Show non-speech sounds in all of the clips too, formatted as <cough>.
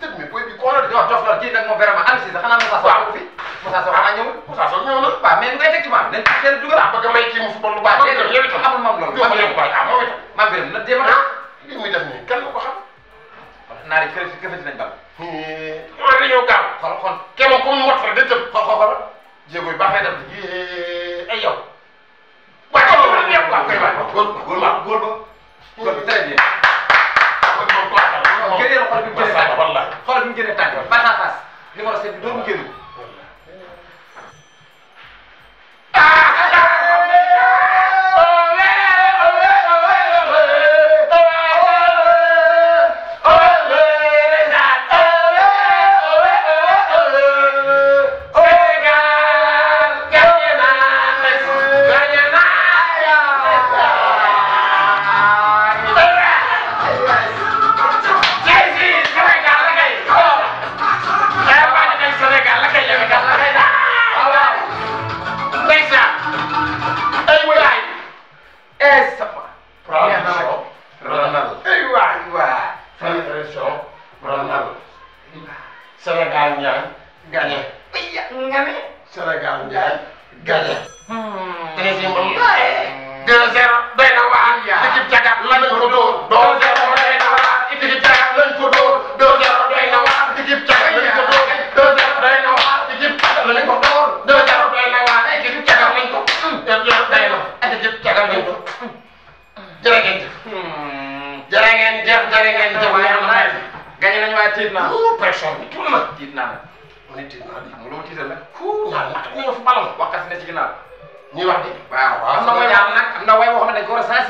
tëj mi booy bi koo xam ne dañoo dof la kii nag moom vraiment am si sax xanaa Moussa Sow fi Moussa Sow xanaa ñëwul Moussa Sow ñëw na waaw mais lu koy teg ci maam nañ ci seen dugal. bëgg may kii mu football lu baax. yow itam amul maam loolu. maam yow baax ah moom itam. maam biram na jéem a. li muy def nii kenn ko xam. naar yi këfati këfati nañ bal. mooy dañoo gaaw. xool xool kéema comme mot rek day tëb. xool xool xool jéego yi baax lay def di. ay yow. waaw waaw waaw waaw kay waay góor góor waaw góor ba. góor bi très bien. xool bi mu génnee tànk face à face numéro 7 bi doomu génn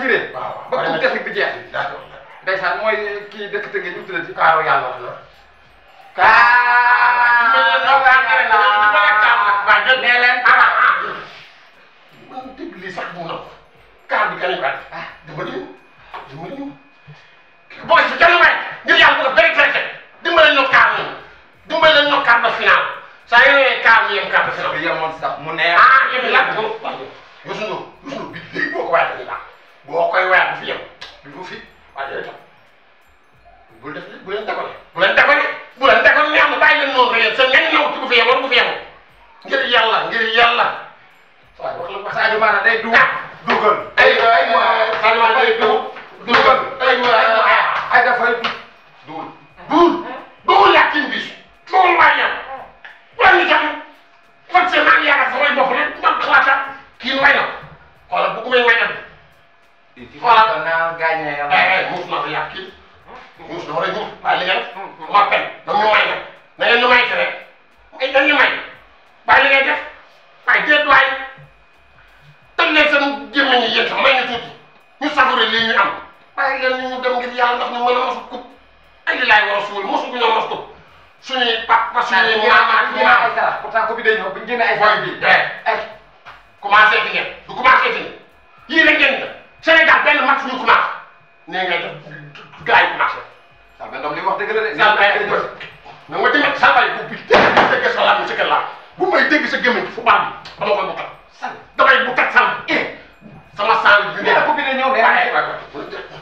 assuré. waaw waaw ba coupe d'Afrique bi jeex. ndeysaan mooy kii dëkk Tëngéej ñu tuddati. Kaaro yàlla wax la. Kaaro yàlla nee leen man dégg lii sax bu ndaw. kaar bi kañ ko ah dama ñëw dama ñëw. booy si kenn may ngir yàlla ko bëri traité dimbale ñu kaar ñu dimbale ñu kaar ba final saa yoo yore kaar ñu yem kaar ba final. bi yemoon sax mu neex. ah yéen a xaadimu rasuul mosu ko ñoo mostu suñuy pàcc ba suñuy. ñaar ñaar ñaar ay sarax pourtant ko bi day ñëw bu ñu génnee ay sarax bi ay commencé ci ngeen du commencé ci yii la ngeen Sénégal benn match ñu commencé nee ngay def gars yi commencé. Samba Ndom li wax dëgg la de. Samba yi dëgg la ma dégg Samba yi bu dégg sa laaj sa kër laa bu may dégg sa gémmiñ fu baax bi dama koy bu kat. damay bu kat Samba eh sama sang bi. mais bi de ñëw de.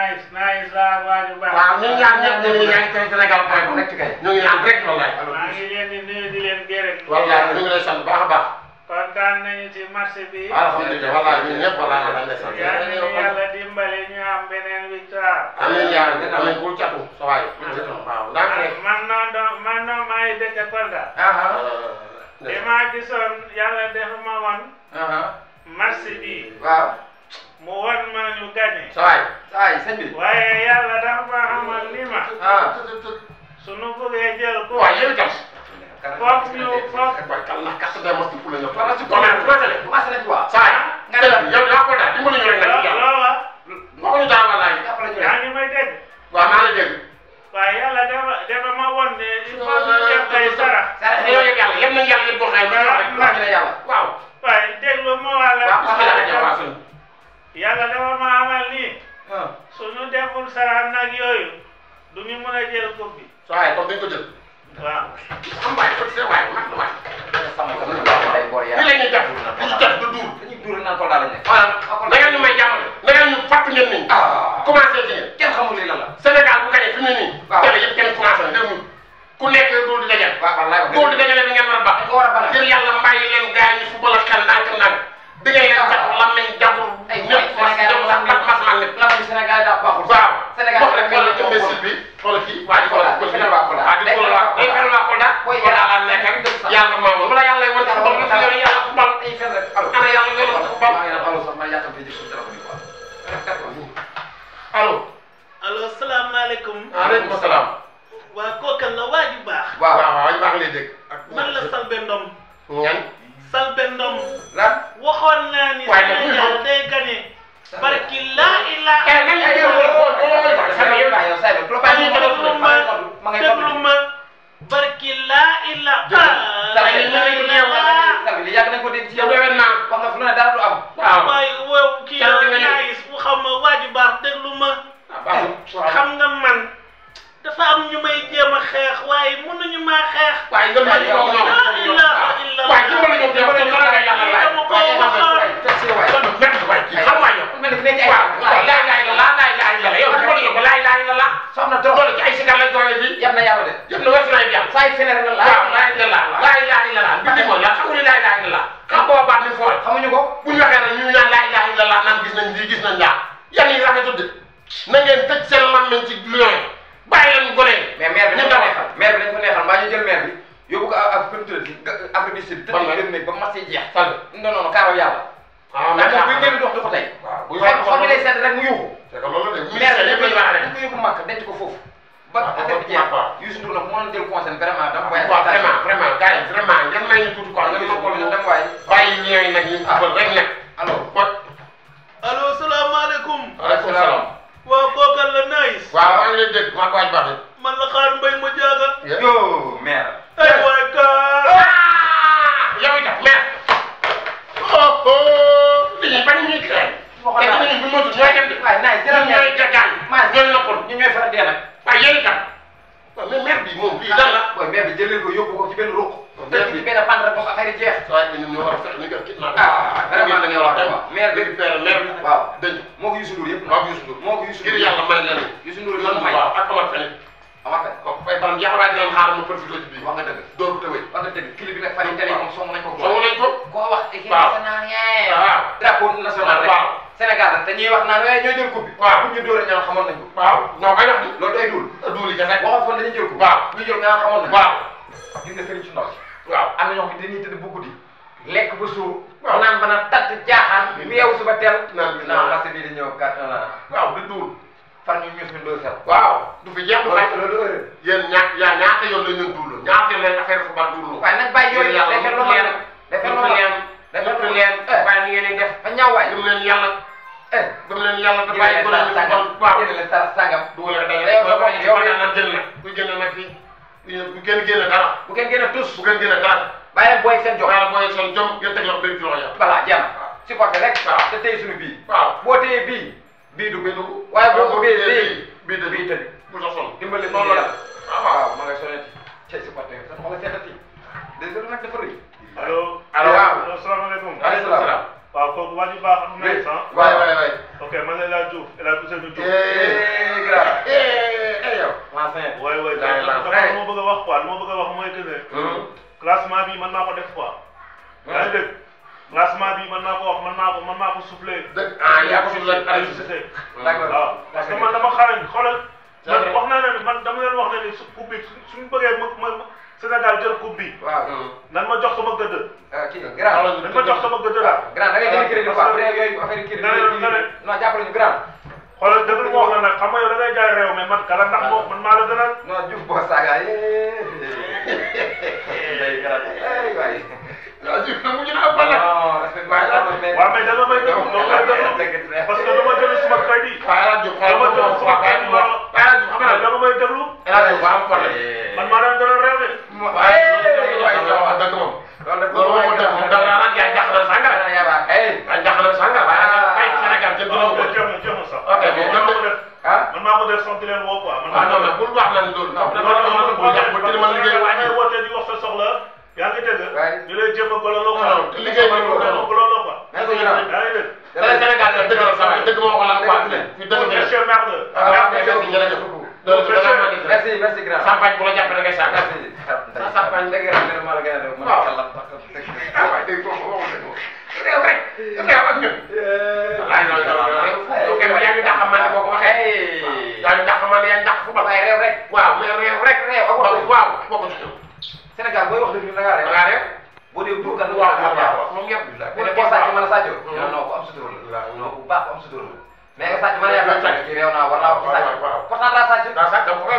nice nice la waaju baax. waaw ñun ñaar ñëpp ñu ngi yaa ngi tey Sénégal pare bu nekk kay. ñu ngi am rek wallaay. maa ngi leen di nuyu ah, ah, ah. eh, di leen gërëm. wallaay ñu ngi lay sant baax a baax. kontaan nañu ci marché bi. alhamdulilah wallaay ñun ñëpp wallaay nga lay sant. yaa ngi yàlla dimbali ñu am beneen victoire. amiin yaa ngi amiin bu catu sa waay. waaw ndax rek. man noonu doon man noonu maa ngi dëkk Kolda. li ma gisoon yàlla def ma woon. marché bi. waaw. mu woon ma ñu gagné. sa waay. ay sëñ bi. waaye yàlla dafa ma xamal ni ma. ah. sunu bëggee jël ko. waaw yéen itam. foog ñu foog. waaye kan la kàttan day mos ci poule ñoom. faral si ko mais bu matale bu matale ci waa. saa yi nga ne la yow yaa ko daal dimbali ñu rek nag. loola. moo ko ñu daal walaay. yaa ngi may dégg. waaw maa la dégg. waaye yàlla dafa dafa ma woon ne il faut que ñu def ay sara. sara yow yëpp yàlla yem nañu yàlla yëpp boo xam ne. waaw waaw. naag yooyu du ñu mën a jël coupe bi. waaye kon dañ ko jël. waaw. am waay kon c'est waay man waay. sama kër yi day boor yaa. fii la ñuy def fii ñu def du duur. dañuy duur naan ko daal la nekk. waaw da ngeen ñu may jàmm da ngeen ñu fàtt ngeen nii. Ah. commencé ci ngeen. kenn xamul lii lan la. Sénégal bu gañee fi mu ne nii. waaw télé yëpp kenn commencé na. ku nekk góor di dajale. waaw wallaay maa ngi lay dégg. man la Selbé Ndom. ñan. Selbé Ndom. lan waxoon naa ni. waaye nag Sénégal day gagné. barki laa ilaa. ma déglu ma barki laa ilaa. li yàgg nañ ko dégg ci yow dewen naa wax nga fu ne dara du am. waaw waaye wow kii yow ñaayis xam ma waa ji baax déglu ma. xam nga man. dafa am ñu may jéem a xeex waaye mënuñu maa xeex. waaye nga mel ni ñoom ñoom ñoom waaw waaye jëmale ñoom ñoom ñoom ñoom ñoom ñoom ñoom ñoom ñoom ñoom ñoom na ngeen tëj seen lammeñ ci lion Afrique du Sud. ban lañ ba mas yi jeex. sànq non non kaaro yàlla. ah mais bu ñu génn dox dafa tey. waaw bu xol bi day sedd rek mu yuuxu. c' est que loolu la de. mais dañ koy dañ koy yóbbu màkk denc ko foofu. Ah, ba affaire bi jeex Youssou Ndour nag mënoon jël conseil vraiment ah, dama waaye. waaw vraiment vraiment gars yi vraiment yan maa ngi tuuti quoi. yan maa ko dama waaye. bàyyi ñeew nag ñu ah. fubal rek nag. allo kon. allo salaamaaleykum. waaleykum salaam. waaw bokkal la nice. waaw maa ngi lay dégg maa ko waaj baax man la xaar mbay ma jaaga. yo maire. ñoom Modou ñooy dem di. waay naaj jërëm ñooy jagaal. maa ñooy lëkkaloo ñu ñooy faral di yàlla. waaye yéen itam. waaw mais maire bi moom lii ah. lan la. waaw maire bi jëlee ko yóbbu ko ci benn ruq. dëkk bi benn bande rek boo ko affaire yi jeex. waaye ñun ñoo war a fexe ñu gën kidnap. ah vraiment da ngeen wax waaw maire bi récupéré maire bi. waaw dëgg moo ko Youssou Ndour yëpp. waaw Youssou Ndour moo ko Youssou Ndour ngir yàlla may leen. Youssou Ndour lan may waaw ak Amath Fane. Amath Fane kooku fay baram yaakaar naa ne leen xaaral ma profité ci bii. wax nga dëgg dooru tëwee. wax nga dëgg clip bi nag fan yi télé yi moom song nañ ko. song nañ ko koo wax. waaw kii national. drapeau national rek Sénégal dañuy wax naan waaye eh, ñoo jël coupe bi. waaw bu ñu dóoree ñaan xamoon nañ ko. waaw ñoo koy wax ni. loolu day duul. duul yi ca nekk waxoon dañuy jël coupe. waaw bu ñu jël ñaan xamoon nañ. waaw gis nga sëriñ si ndaw si. waaw am na ñoo xam ne dañuy tëdd bu guddi lekk ba suur. waaw naan ba na tatt jaaxaan. yeewu suba teel. naan bi naan marché bi di ñëw gàttal naa. waaw du duul. far ñu ñus ñu doo sel. waaw du fi jeex. loolu loolu yéen ñaar yaa ñaata yoon la ñu duul ñaata leen affaire football duul. waaye nag bàyyi yooyu defee lu leen defee lu leen defee lu leen waaye ni ngeen def fa ñaaw waay lu leen yàlla eh dama leen yàlla da bàyyi ko leen sangam waaw jëlee sa sangam du wala day na jël na ku jël na fii bu kenn génne dara bu kenn génne tous bu kenn génne dara bàyyi booy seen jom bàyyi booy seen jom ngeen teg loxo bi ci loxo ya voilà jàmm supporté rek waaw te tey suñu bii waaw boo téye bii bii du bii dugg waaye boo ko bii bii bii de bii tëdd bu sa sol dimbali noonu la waaw waaw ma ngay sonati tey supporté sa xol seetati dëgg nag dafa rëy allo allo waaw asalaamaaleykum aleykum salaam waaw kooku waa ji baax am na sens. waay waay waay. ok man la El Hadj Diouf El Hadj Ousseynou eh, Diouf. Eh, eh, yow. waay waay dafa lu ma bëgg a wax quoi lu ma bëgg a wax mooy que ne. Hmm. classement bi mën naa ko def quoi. Hmm. yaa ngi dégg classement bi mën naa ko wax mën naa ko mën naa ko soufflé. dëgg ah yaa ko soufflé d'accord waaw parce que man dama xarañ xoolal. man wax naa ne man dama leen wax ne ni su public suñu bëggee ma ma. Sénégal jël coupe bi. waaw nan ma jox sama gëdd. Ah, kii grand nan ma jox sama gëdd la. Ah, grand da ngay jël crédit quoi bu ah, dee yooyu affaire crédit. non jàppale ñu grand. xoolal dëgg lu ma wax la nag xam nga yow da ngay jaay réew mais man kala ndax moom man maa la gënal. non Diouf boo saaga yee. <laughs> waay waaw Diouf nag mu ñu naan bala. waaw mais dama may déglu dama may déglu parce que dama jël suma crédit. dama jël suma crédit dama may déglu. dañ ko am problème. man maa doon doon réew de. waaye waaye dëgg moom. loolu moom dëgg moom dara nag yaa jaxla sangara. yaa jaxla sangara. waaye Sénégal jël dina ko bëri. ok mais man maa ko def. ah man maa ko def sant leen woo quoi. man maa ko def bul wax la ni loolu. dama dama ko def bu tënk ma liggéey. waaye ay woote di wax sa soxla. yaa ngi dégg. waay ñu lay jéem a gololoo. waaw liggéey bi mu gololoo gololoo quoi. yaa ngi dégg. Sénégal dëgg la sa waay dëgg moo ko lan quoi. fi dëgg la. monsieur Merde. ah monsieur Merde. loolu ci la ma gis. merci merci grand. Sampañ da ngay sànq. merci Sampañ dëgg la a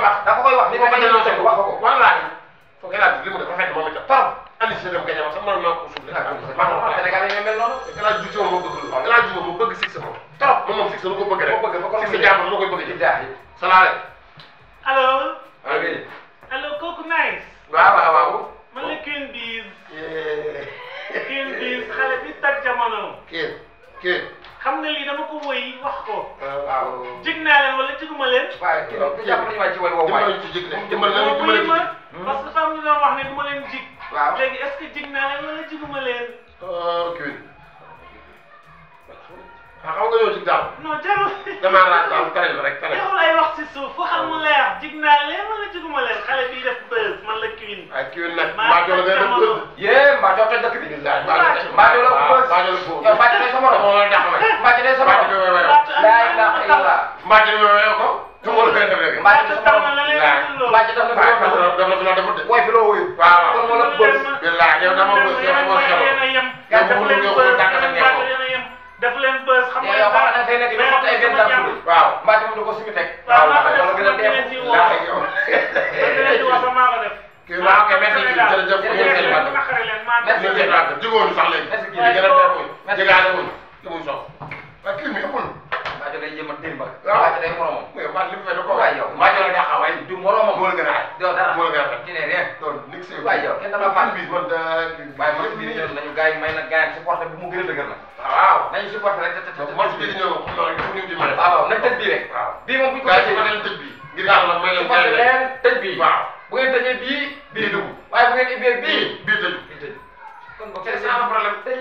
wax da nga koy wax. li nga koy wax ko wax ko wallaahi. foog El Hadj li mu def rafet na moom itam trop. Aliou Cissé dem gañe ma sax man maa ko suuf. maanaam Sénégal yi mel noonu. El Hadj Diouf moo bëgg lu El Hadj Diouf moo bëgg Cissé moom. trop moom moom Cissé lu ko bëgg rek. moo bëgg fa ko Cissé jàmm lu koy bëgg a jël. salaale. waaw jig naa leen wala jiguma leen. waaye jàpp nañu waay ci wàllu woowu waay. ci jig leen dimbali leen dimbali leen ma parce que femme ñu doon wax ne du ma leen jig. waaw léegi est ce que jig naa leen wala jiguma leen. Euh, ok. ah xam nga yow jig daaw. non jarul. damaa laaj daaw tare la rek tare. jarul ay wax si suuf foo xam mu leer jig naa leen wala jiguma leen xale bi def buzz man la kiwin. ay kiwin nag mbaa joo la ngay def buzz. yee mbaa joo toj dëkk bi. mbaa joo la mbaa joo la buzz. mbaa joo la buzz. mbaa joo la sama morom. mbaa joo la sama morom. laa ilaaha illallaah. Mbacke bi wéyoo ko. su ma la fee def rek. Mbacke bi sama waaw Mbacke daf la fi doon def daf la fi doon def de. mooy fi loo wóyul. waaw kon moo la bës. billaah yow dama bës yow dama bës yow. yow mu ngi yow mu tànn ak ñebe daf leen bës xam nga yow xanaa fay nekk di xot ay seen dara waaw Mbacke bi du ko suñu teg. waaw loolu gën a dee ko laa yow. waaw kay merci jërëjëf merci jërëjëf jiwoon sax léegi. merci jërëjëf jiwoon jëgaale woon jiwoon sax waaye kii bi amul jëma démba ah. waaw ci day moromam man li mu fay da ko waay yow maa jëloon yaa xam waay du moromam moo la gën a aay doo dara moo la gën a aay dine rien donc lig së waay yow kenn dama fan bis man da waaye man bi ñëw nañu gars yi may nag gars yi supporté bi mu gën a dëgër nag waaw nañu supporté rek man bi di ñëw loolu fu ñu di mel ah, waaw na tëj bi rek waaw bii moom bu ñu ko leen tëj bi ngir yàlla may leen tëj bi waaw bu ngeen tëjee bii bii dugg waaye bu ngeen ibbee bii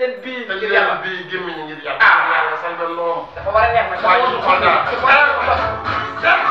leen bii. ngir yàlla te bii gémmiñ ngir yàlla. ah yàlla sant lool. dafa war a neex nag. waaye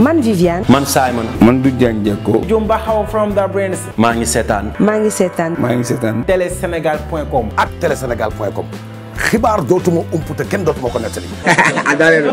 man Viviane. man Simon. man man du Dieng Diakko. Jumba Xaw from the brains. maa ngi seetaan. maa ngi seetaan. maa ngi seetaan. telesenegal.com ak telesenegal.com xibaar dootuma ump te kenn dootuma ko nettali. <laughs>